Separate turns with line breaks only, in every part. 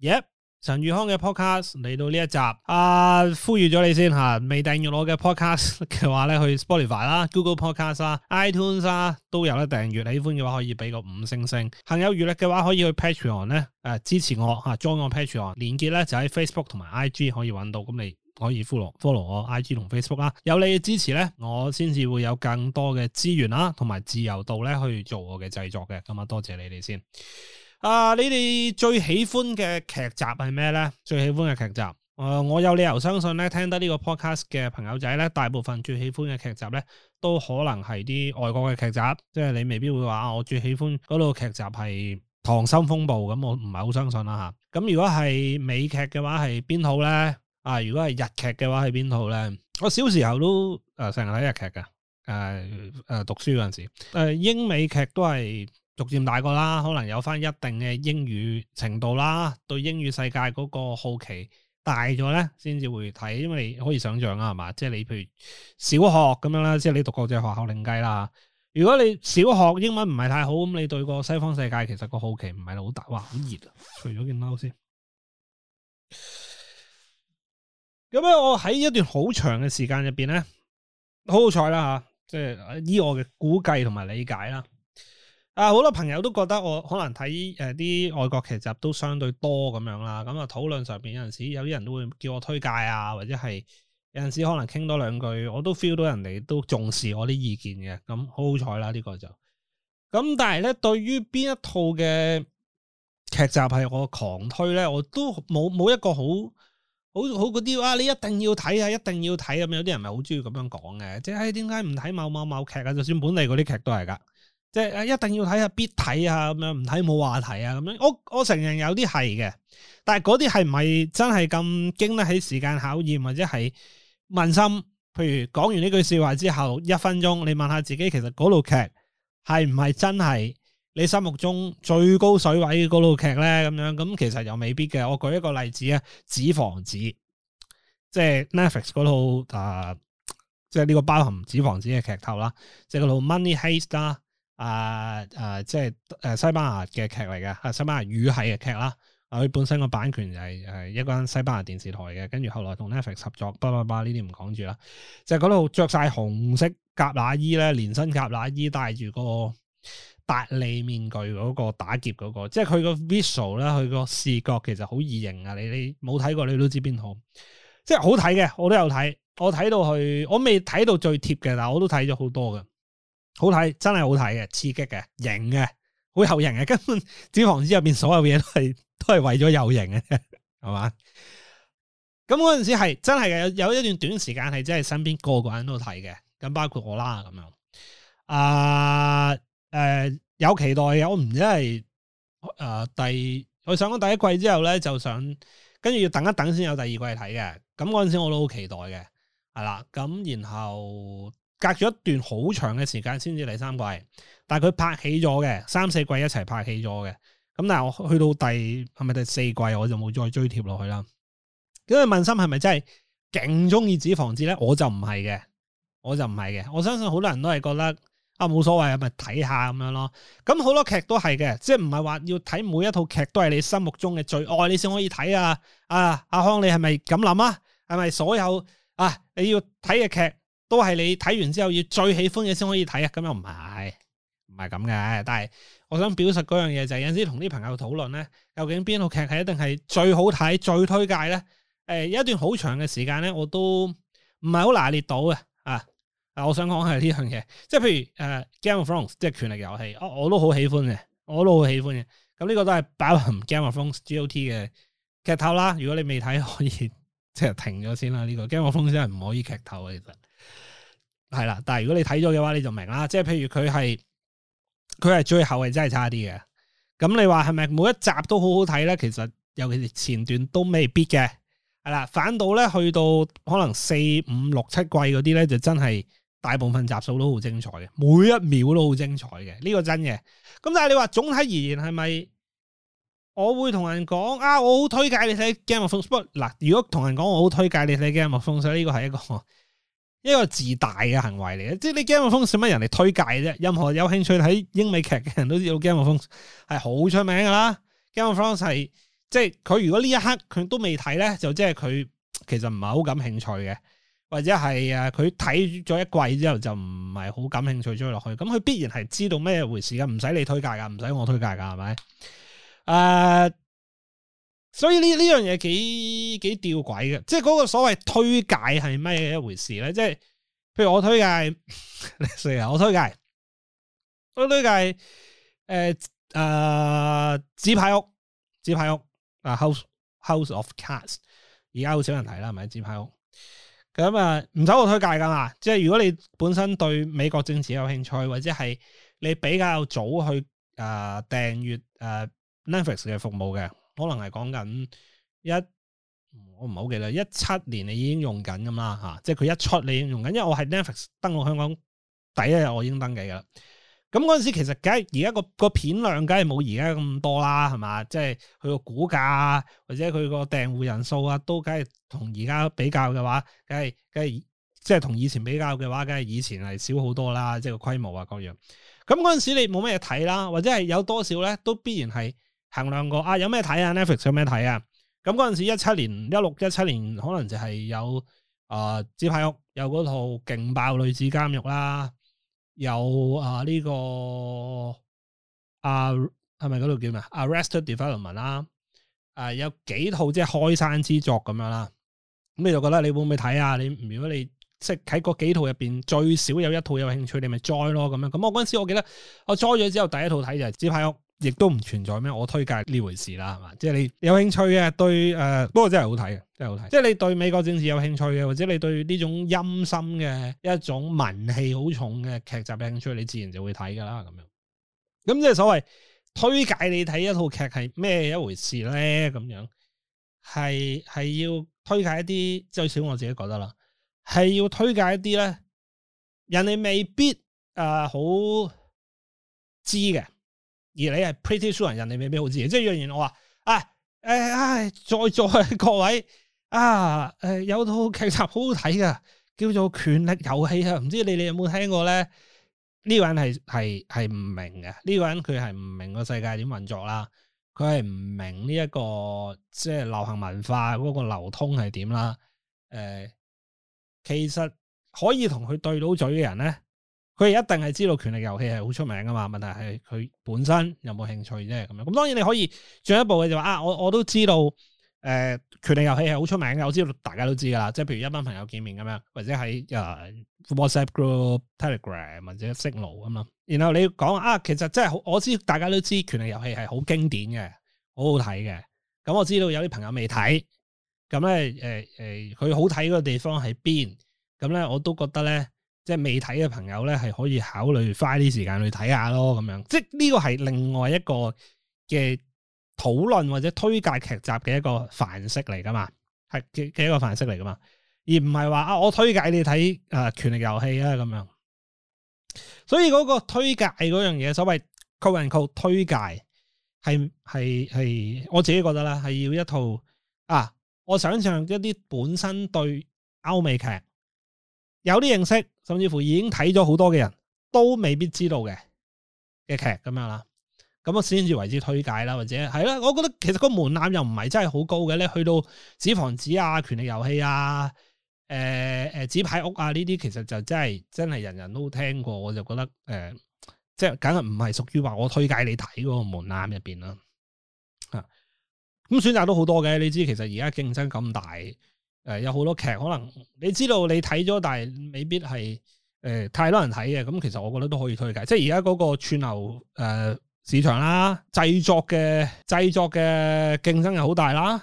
Yep，陳宇康嘅 podcast 嚟到呢一集，啊，呼籲咗你先吓，未訂閱我嘅 podcast 嘅話咧，去 Spotify 啦、Google Podcast 啦、iTunes 啊都有得訂閱。喜歡嘅話，可以俾個五星星。行有餘力嘅話，可以去 Patreon 咧，誒、啊，支持我吓，join、啊、我 Patreon，連結咧就喺 Facebook 同埋 IG 可以揾到。咁你可以 follow follow 我 IG 同 Facebook 啦。有你嘅支持咧，我先至會有更多嘅資源啦、啊，同埋自由度咧去做我嘅製作嘅。咁啊，多謝你哋先。啊！你哋最喜歡嘅劇集係咩咧？最喜歡嘅劇集，誒、呃，我有理由相信咧，聽得呢個 podcast 嘅朋友仔咧，大部分最喜歡嘅劇集咧，都可能係啲外國嘅劇集，即係你未必會話、啊、我最喜歡嗰套劇集係《溏心風暴》咁，我唔係好相信啦吓。咁如果係美劇嘅話係邊套咧？啊，如果係、啊、日劇嘅話係邊套咧？我小時候都誒成、呃、日睇日劇嘅，誒、呃、誒、呃、讀書嗰陣時候，誒、呃、英美劇都係。逐漸大個啦，可能有翻一定嘅英語程度啦，對英語世界嗰個好奇大咗咧，先至會睇。因為你可以想象啊，係嘛，即係你譬如小學咁樣啦，即係你讀國際學校另計啦。如果你小學英文唔係太好，咁你對個西方世界其實個好奇唔係好大。哇，好熱啊！除咗件褸先，咁樣我喺一段好長嘅時間入邊咧，好好彩啦吓，即係依我嘅估計同埋理解啦。啊，好多朋友都覺得我可能睇啲、呃、外國劇集都相對多咁樣啦，咁啊討論上邊，有陣時有啲人都會叫我推介啊，或者係有陣時可能傾多兩句，我都 feel 到人哋都重視我啲意見嘅，咁好好彩啦呢個就。咁但係咧，對於邊一套嘅劇集係我狂推咧，我都冇冇一個好好好嗰啲啊，你一定要睇啊，一定要睇咁樣，有啲人咪好中意咁樣講嘅，即係點解唔睇某某某劇啊？就算本地嗰啲劇都係噶。即係一定要睇下必睇啊，咁樣唔睇冇話題啊，咁樣。我我承認有啲係嘅，但係嗰啲係唔係真係咁經得起時間考驗，或者係問心。譬如講完呢句說話之後，一分鐘你問下自己，其實嗰套劇係唔係真係你心目中最高水位嘅嗰套劇咧？咁樣咁其實又未必嘅。我舉一個例子,子、就是、啊，紙房子，即係 Netflix 嗰套啊，即係呢個包含紙房子嘅劇頭啦，即係嗰套 Money Heist 啦。啊啊，即係誒西班牙嘅劇嚟嘅，啊西班牙語系嘅劇啦。佢、啊、本身個版權係、就、係、係、一間西班牙電視台嘅，跟住後來同 Netflix 合作，叭叭叭呢啲唔講住啦。就嗰度着晒紅色夾乸衣咧，連身夾乸衣，戴住個達利面具嗰個打劫嗰個，即係佢個 visual 啦，佢個視覺其實好異形啊！你你冇睇過你都知邊套，即係好睇嘅，我都有睇，我睇到去，我未睇到最貼嘅，但係我都睇咗好多嘅。好睇，真係好睇嘅，刺激嘅，型嘅，好有型嘅，根本《紙房子》入邊所有嘢都係都係為咗有型嘅，係嘛？咁嗰陣時係真係嘅，有有一段短時間係真係身邊個個人都睇嘅，咁包括我啦咁樣。啊、呃，誒、呃，有期待嘅，我唔知係誒第，我上咗第一季之後咧，就想跟住要等一等先有第二季睇嘅。咁嗰陣時我都好期待嘅，係啦。咁然後。隔咗一段好長嘅時間先至第三季，但係佢拍起咗嘅，三四季一齊拍起咗嘅，咁但係我去到第係咪第四季，我就冇再追貼落去啦。咁問心係咪真係勁中意紙房子咧？我就唔係嘅，我就唔係嘅。我相信好多人都係覺得啊，冇所謂啊，咪睇下咁樣咯。咁好多劇都係嘅，即係唔係話要睇每一套劇都係你心目中嘅最愛，你先可以睇啊。啊，阿康你係咪咁諗啊？係咪所有啊？你要睇嘅劇？都係你睇完，之後要最喜歡嘅先可以睇啊！咁又唔係，唔係咁嘅。但係我想表述嗰樣嘢就係、是、有陣時同啲朋友討論咧，究竟邊套劇係一定係最好睇、最推介咧？誒、呃，有一段好長嘅時間咧，我都唔係好拿捏到嘅啊！啊，我想講係呢樣嘢，即係譬如誒、呃《Game of Thrones》即係權力遊戲，哦，我都好喜歡嘅，我都好喜歡嘅。咁呢個都係包含《Game of Thrones》G O T 嘅劇透啦。如果你未睇，可以即係停咗先啦。呢、這個《Game of Thrones》真係唔可以劇透啊，其實。係啦，但係如果你睇咗嘅話，你就明啦。即係譬如佢係佢係最後係真係差啲嘅。咁你話係咪每一集都好好睇咧？其實尤其是前段都未必嘅。係啦，反倒咧去到可能四五六七季嗰啲咧，就真係大部分集數都好精彩嘅，每一秒都好精彩嘅。呢個真嘅。咁但係你話總體而言係咪？是不是我會同人講啊，我好推介你睇《Game of Thrones》。不過嗱，如果同人講我好推介你睇《Game of Thrones》，呢個係一個。呢個自大嘅行為嚟嘅，即係你 Game of Thrones 使乜人嚟推介啫？任何有興趣睇英美劇嘅人都知道 Game of Thrones 係好出名噶啦。Game of Thrones 係即係佢如果呢一刻佢都未睇咧，就即係佢其實唔係好感興趣嘅，或者係誒佢睇咗一季之後就唔係好感興趣追落去。咁佢必然係知道咩回事噶，唔使你推介噶，唔使我推介噶，係咪？誒、uh。所以呢呢樣嘢幾幾吊詭嘅，即係嗰個所謂推介係咩一回事咧？即係譬如我推介，例如我推介，我推介誒誒紙牌屋，紙牌屋啊，House House of Cards，而家好少人睇啦，係咪紙牌屋。咁啊，唔使我推介噶嘛，即係如果你本身對美國政治有興趣，或者係你比較早去誒訂閱誒 Netflix 嘅服務嘅。可能係講緊一，我唔好記得一七年你已經用緊㗎嘛。吓，即係佢一出你已經用緊，因為我係 Netflix 登錄香港第一日我已經登記噶啦。咁嗰陣時其實，梗係而家個個片量梗係冇而家咁多啦，係嘛？即係佢個股價或者佢個訂戶人數啊，都梗係同而家比較嘅話，梗係梗係即係同以前比較嘅話，梗係以前係少好多啦，即係個規模啊各樣。咁嗰陣時你冇乜嘢睇啦，或者係有多少咧，都必然係。行兩個啊，有咩睇啊？Netflix 有咩睇啊？咁嗰陣時一七年一六一七年，可能就係有啊《紙、呃、牌屋》，有嗰套勁爆女子監獄啦，有啊呢、這個啊係咪嗰度叫咩？《Arrested Development》啦，誒、啊、有幾套即係、就是、開山之作咁樣啦。咁你就覺得你會唔會睇啊？你如果你即係喺嗰幾套入邊最少有一套有興趣，你咪 join 囉咯咁樣。咁我嗰陣時我記得我 join 咗之後，第一套睇就係《紙牌屋》。亦都唔存在咩？我推介呢回事啦，係嘛？即係你有興趣嘅，對誒，不過真係好睇嘅，真係好睇。即係你對美國政治有興趣嘅，或者你對呢種陰森嘅一種文氣好重嘅劇集有興趣，你自然就會睇噶啦咁樣。咁即係所謂推介你睇一套劇係咩一回事咧？咁樣係係要推介一啲，至少我自己覺得啦，係要推介一啲咧。人哋未必誒好知嘅。而你係 pretty sure 人，人哋未必好知即係若然我話唉，唉，啊，哎哎、再再各位啊，誒、哎、有套劇集好好睇噶，叫做《權力遊戲》啊，唔知你哋有冇聽過咧？呢、呢個人係係係唔明嘅，呢、呢個人佢係唔明個世界點運作啦，佢係唔明呢一、呢個即係、就是、流行文化嗰個流通係點啦，誒、呃，其實可以同佢對到嘴嘅人咧。佢一定係知道權力遊戲係好出名㗎嘛，問題係佢本身有冇興趣啫咁樣。咁當然你可以進一步嘅就話啊，我我都知道，誒、呃、權力遊戲係好出名嘅，我知道大家都知噶啦，即係譬如一班朋友見面咁樣，或者喺 WhatsApp group、Telegram 或者 Signal 咁樣。然後你講啊，其實真係好，我知大家都知權力遊戲係好經典嘅，好好睇嘅。咁我知道有啲朋友未睇，咁咧誒誒，佢、呃呃、好睇嗰個地方喺邊？咁咧我都覺得咧。即係未睇嘅朋友咧，係可以考慮花啲時間去睇下咯，咁樣。即係呢個係另外一個嘅討論或者推介劇集嘅一個範式嚟噶嘛，係嘅嘅一個範式嚟噶嘛。而唔係話啊，我推介你睇《啊、呃、權力遊戲》啊，咁樣。所以嗰個推介嗰樣嘢，所謂靠人靠推介，係係係，我自己覺得啦，係要一套啊，我想象一啲本身對歐美劇。有啲認識，甚至乎已經睇咗好多嘅人都未必知道嘅嘅劇咁樣啦，咁我先至為之推介啦，或者係啦。我覺得其實個門檻又唔係真係好高嘅咧，去到紙房子啊、權力遊戲啊、誒誒紙牌屋啊呢啲，其實就真係真係人人都聽過，我就覺得誒、呃，即係梗係唔係屬於話我推介你睇嗰個門檻入邊啦。啊，咁選擇都好多嘅，你知其實而家競爭咁大。有好多劇，可能你知道你睇咗，但係未必係、呃、太多人睇嘅。咁其實我覺得都可以推介。即係而家嗰個串流、呃、市場啦，製作嘅製作嘅競爭又好大啦。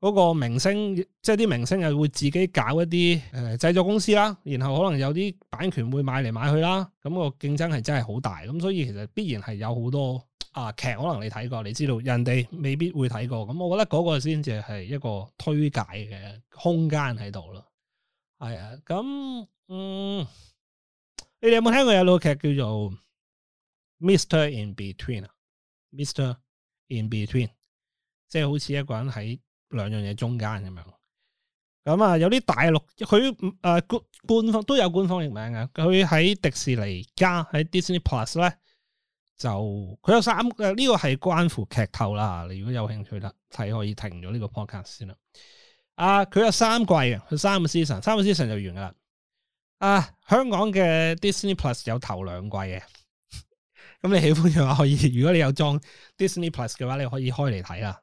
嗰、嗰個明星即係啲明星又會自己搞一啲誒、呃、製作公司啦，然後可能有啲版權會買嚟買去啦。咁、嗰個競爭係真係好大，咁所以其實必然係有好多。啊劇可能你睇過，你知道人哋未必會睇過，咁我覺得嗰個先至係一個推介嘅空間喺度咯，係啊，咁嗯，你哋有冇聽過有套劇叫做《Mr. In Between》，Mr. In Between，即係好似一個人喺兩樣嘢中間咁樣。咁、嗯、啊，有啲大陸佢誒官官方都有官方譯名嘅，佢喺迪士尼加喺 Disney Plus 咧。就佢有三誒，呢、啊這個係關乎劇透啦。你如果有興趣咧，睇可以停咗呢個 podcast 先啦。啊，佢有三季嘅，佢三個 season，三個 season 就完㗎啦。啊，香港嘅 Disney Plus 有頭兩季嘅，咁、 嗯、你喜歡嘅話可以，如果你有裝 Disney Plus 嘅話，你可以開嚟睇啦。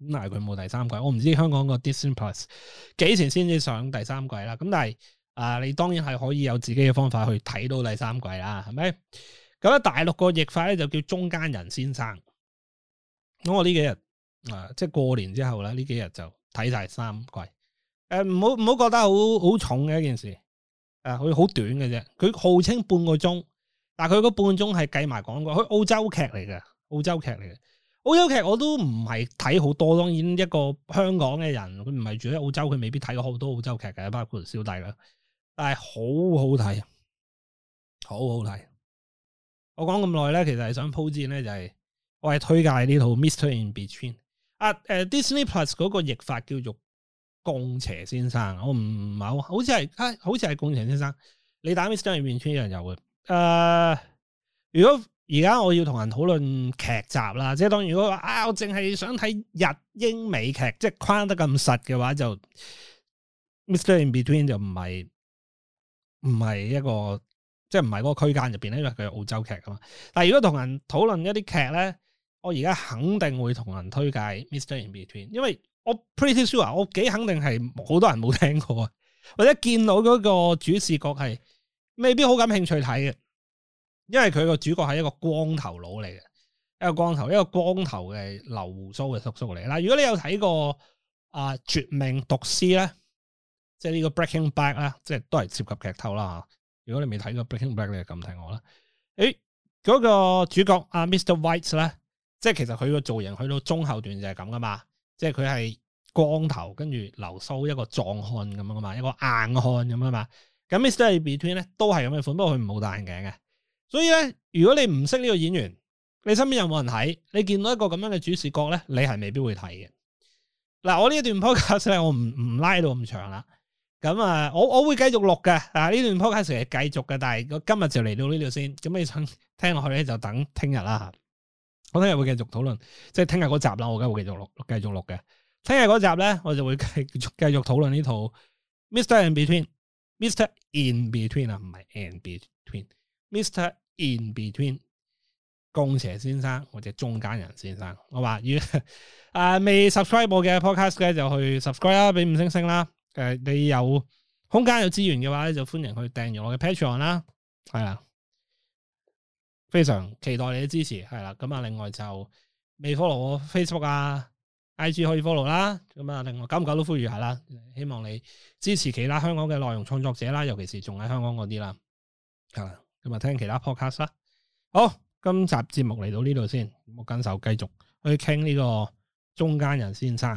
咁但係佢冇第三季，我唔知香港個 Disney Plus 幾時先至上第三季啦。咁但係啊，你當然係可以有自己嘅方法去睇到第三季啦，係咪？咁喺大陸個譯法咧就叫中間人先生。咁我呢幾日啊，即係過年之後咧，呢幾日就睇晒三季。啊，誒唔好唔好覺得好好重嘅一件事。啊，佢好短嘅啫。佢號稱半個鐘，但佢嗰半個鐘係計埋廣告。佢澳洲劇嚟嘅，澳洲劇嚟嘅。澳洲劇我都唔係睇好多，當然一個香港嘅人，佢唔係住喺澳洲，佢未必睇過好多澳洲劇嘅，包括小弟啦。但係好好睇，好好睇。我講咁耐咧，其實係想鋪墊咧，就係我係推介呢套《Mr. In Between》啊，誒、呃，Disney Plus 嗰個譯法叫做《共邪先生》我，我唔係，好似係啊，好似係《共邪先生》。你打《Mr. In Between》有人有嘅。誒、呃，如果而家我要同人討論劇集啦，即係當然如果啊，我淨係想睇日英美劇，即係框得咁實嘅話，就《Mr. In Between》就唔係，唔係一個。即係唔係嗰個區間入邊咧，因為佢係澳洲劇噶嘛。但係如果同人討論一啲劇咧，我而家肯定會同人推介《Mr. in Between》，因為我 pretty sure 我幾肯定係好多人冇聽過，或者見到嗰個主視角係，未必好感興趣睇嘅。因為佢個主角係一個光頭佬嚟嘅，一個光頭，一個光頭嘅留鬍鬚嘅叔叔嚟。嗱，如果你有睇過《啊絕命毒師》咧，即係呢個 Breaking Bad 啦，即係都係涉及劇透啦。如果你未睇過《Breaking Bad》，你就咁睇我啦。誒、哎，嗰、那個主角阿 Mr. White 咧，即係其實佢個造型去到中後段就係咁噶嘛，即係佢係光頭跟住留鬚一個壯漢咁樣噶嘛，一個硬漢咁啊嘛。咁 Mr. Between 咧都係咁嘅款，不過佢唔冇戴眼鏡嘅。所以咧，如果你唔識呢個演員，你身邊有冇人睇？你見到一個咁樣嘅主視角咧，你係未必會睇嘅。嗱，我呢一段 Podcast 咧，我唔唔拉到咁長啦。咁啊，我我會繼續錄嘅，啊呢段 podcast 係繼續嘅，但係我今日就嚟到呢度先。咁你想聽落去咧，就等聽日啦。我聽日會繼續討論，即係聽日嗰集啦，我梗係會繼續錄，繼續錄嘅。聽日嗰集咧，我就會繼繼續討論呢套 Mr. In Between，Mr. In Between 啊，唔係 In Between，Mr. In Between，公邪先生或者中間人先生。好果啊、我話如啊未 subscribe 嘅 podcast 咧，就去 subscribe 啦，俾五星星啦。誒、呃，你有空間有資源嘅話就歡迎去訂閱我嘅 Patreon 啦，係啦，非常期待你嘅支持，係啦。咁、嗯、啊，另外就未 follow 我 Facebook 啊、IG 可以 follow 啦。咁、嗯、啊，另外久唔久都呼籲下啦，希望你支持其他香港嘅內容創作者啦，尤其是仲喺香港嗰啲啦，係啦。咁、嗯、啊，聽其他 podcast 啦。好，今集節目嚟到呢度先，我跟手繼續去傾呢個中間人先生。